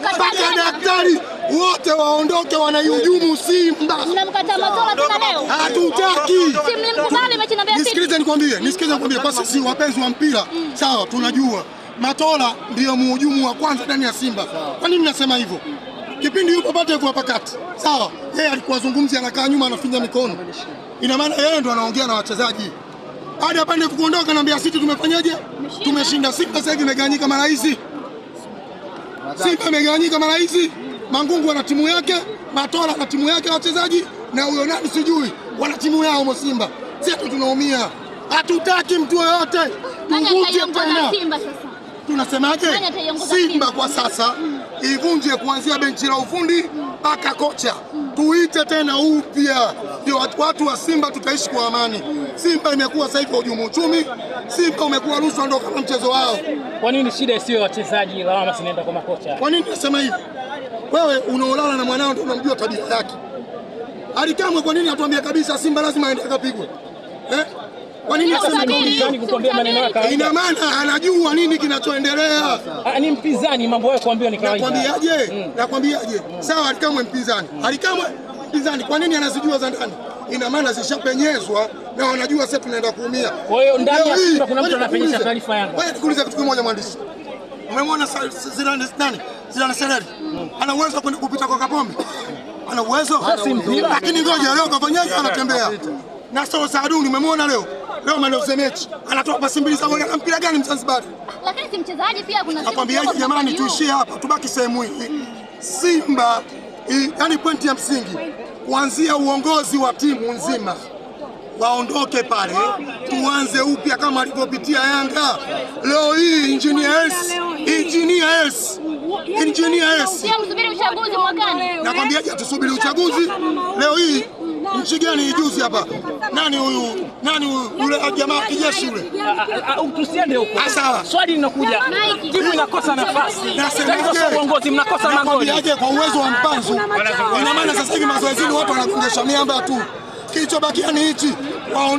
mpaka daktari wote waondoke, wanaihujumu Simba. Hatutaki. Nisikilize nikwambie, nisikilize nikwambie, kwa sisi wapenzi wa mpira sawa, tunajua Matola ndiyo mhujumu wa kwanza ndani ya Simba. Kwa nini nasema hivyo? Kipindi yupo Pate kwa pakati sawa, yeye alikuwa zungumzi, anakaa nyuma, anafinya mikono, ina maana yeye ndo anaongea na wachezaji baada ya Pande kuondoka, naambia sisi tumefanyaje? Tumeshinda. Simba sasa hivi imegawanyika mara hizi Simba imegawanyika mara hizi. Mangungu ana timu yake, Matola ana timu yake wachezaji, na huyo nani sijui, wana timu yao mo. Simba sisi tunaumia, hatutaki mtu yoyote tuvunje tena. Tunasemaje? Simba kwa sasa mm. ivunje kuanzia benchi la ufundi mpaka kocha, mm. tuite tena upya, ndio watu wa Simba tutaishi kwa amani. Mm. Simba imekuwa sasa hivi hujumu uchumi, Simba umekuwa rushwa, ndio kama mchezo wao kwa nini shida isiwe wachezaji, lawama zinaenda kwa makocha? Kwa nini nasema hivi? Wewe unaolala na mwanao ndio unamjua tabia yake. Alikamwe kwa nini atuambia kabisa Simba lazima aende akapigwe? Eh? Kwa nini asema mpinzani maneno Ina maana anajua nini kinachoendelea. Ah, ni mpinzani mambo yako kuambia ni kawaida. Nakwambiaje? Mm. Nakwambiaje? Sawa Alikamwe mpinzani. Alikamwe mpinzani kwa nini anazijua za ndani? Ina maana zishapenyezwa na wanajua sasa tunaenda kuumia. Kwa hiyo ndani kuna mtu anapenyesha taarifa yangu. Wewe tukuulize kitu kimoja mwandishi. Umemwona Zidane nani? Zidane Sereri. Ana uwezo wa kupita kwa Kapombe. Ana uwezo. Lakini ngoja leo kafanyaje anatembea. Na sasa Saaduni umemwona leo. Leo manoze mechi. Anatoa pasi mbili za na mpira gani Mzanzibari? Lakini si mchezaji pia kuna Nakwambia hivi jamani tuishie hapa. Tubaki sehemu hii. Simba yaani pointi ya msingi kuanzia uongozi wa timu nzima waondoke pale, tuanze upya kama alivyopitia Yanga. Leo hii engineers engineers engineers, S, Engineer S, yaani tusubiri uchaguzi leo hii nchi gani ijuzi hapa? Nani huyu nani yule jamaa kijeshi yule? Tusiende huko. Ah, sawa. Swali linakuja. Timu inakosa nafasi. Nasemaje? Uongozi mnakosa magoli. Nakwambiaje kwa uwezo wa Mpanzu. Ina maana sasa hivi mazoezini watu wanafungesha miamba tu. kí ìjọba kí